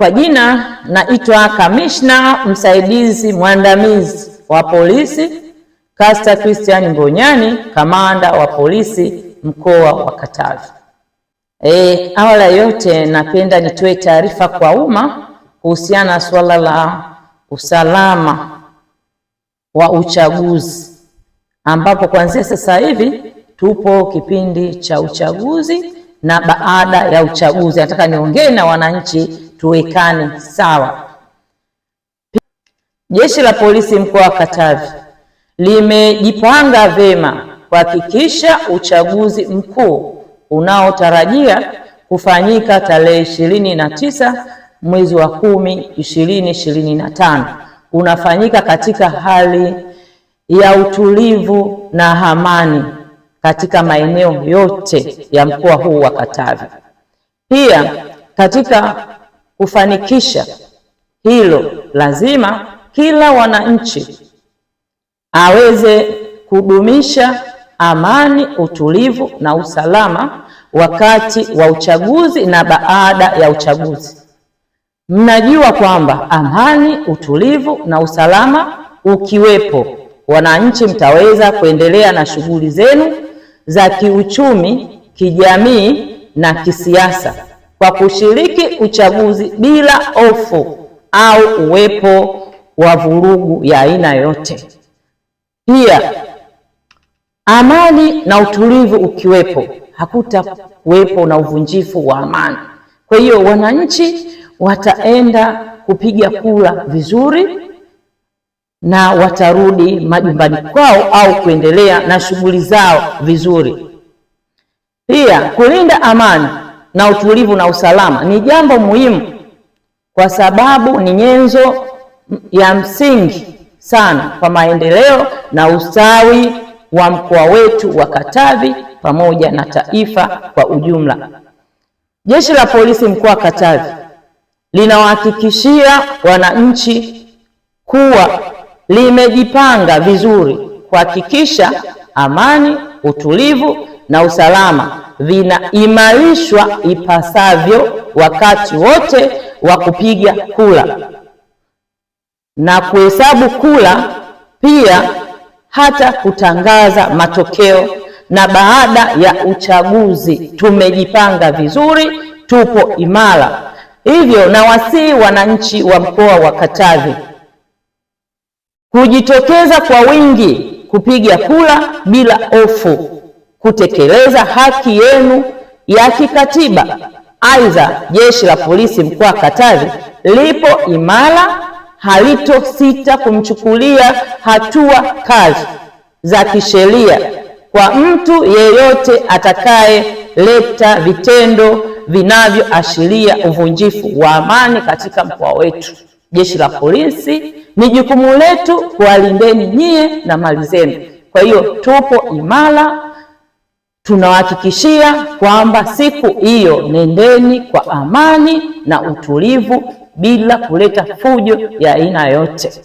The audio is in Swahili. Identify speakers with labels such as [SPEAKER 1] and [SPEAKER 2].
[SPEAKER 1] Kwa jina naitwa Kamishna Msaidizi Mwandamizi wa Polisi Caster Christian Mbonyani, kamanda wa polisi mkoa wa Katavi. E, awali ya yote napenda nitoe taarifa kwa umma kuhusiana na suala la usalama wa uchaguzi ambapo kuanzia sasa hivi tupo kipindi cha uchaguzi na baada ya uchaguzi, nataka niongee na wananchi tuwekane sawa. Jeshi la polisi mkoa wa Katavi limejipanga vyema kuhakikisha uchaguzi mkuu unaotarajia kufanyika tarehe ishirini na tisa mwezi wa kumi ishirini ishirini na tano unafanyika katika hali ya utulivu na amani katika maeneo yote ya mkoa huu wa Katavi. Pia katika Kufanikisha hilo, lazima kila wananchi aweze kudumisha amani, utulivu na usalama wakati wa uchaguzi na baada ya uchaguzi. Mnajua kwamba amani, utulivu na usalama ukiwepo, wananchi mtaweza kuendelea na shughuli zenu za kiuchumi, kijamii na kisiasa kwa kushiriki uchaguzi bila hofu au uwepo wa vurugu ya aina yote Pia amani na utulivu ukiwepo, hakuta kuwepo na uvunjifu wa amani. Kwa hiyo wananchi wataenda kupiga kura vizuri na watarudi majumbani kwao au kuendelea na shughuli zao vizuri. Pia kulinda amani na utulivu na usalama ni jambo muhimu, kwa sababu ni nyenzo ya msingi sana kwa maendeleo na ustawi wa mkoa wetu wa Katavi pamoja na taifa kwa ujumla. Jeshi la Polisi mkoa wa Katavi linawahakikishia wananchi kuwa limejipanga vizuri kuhakikisha amani, utulivu na usalama vinaimarishwa ipasavyo wakati wote wa kupiga kura na kuhesabu kura, pia hata kutangaza matokeo. Na baada ya uchaguzi, tumejipanga vizuri, tupo imara. Hivyo nawasihi wananchi wa mkoa wa Katavi kujitokeza kwa wingi kupiga kura bila hofu kutekeleza haki yenu ya kikatiba. Aidha, jeshi la polisi mkoa wa Katavi lipo imara, halitosita kumchukulia hatua kali za kisheria kwa mtu yeyote atakayeleta vitendo vinavyoashiria uvunjifu wa amani katika mkoa wetu. Jeshi la polisi ni jukumu letu kuwalindeni nyie na mali zenu. Kwa hiyo tupo imara tunawahakikishia kwamba siku hiyo nendeni kwa amani na utulivu bila kuleta fujo ya aina yote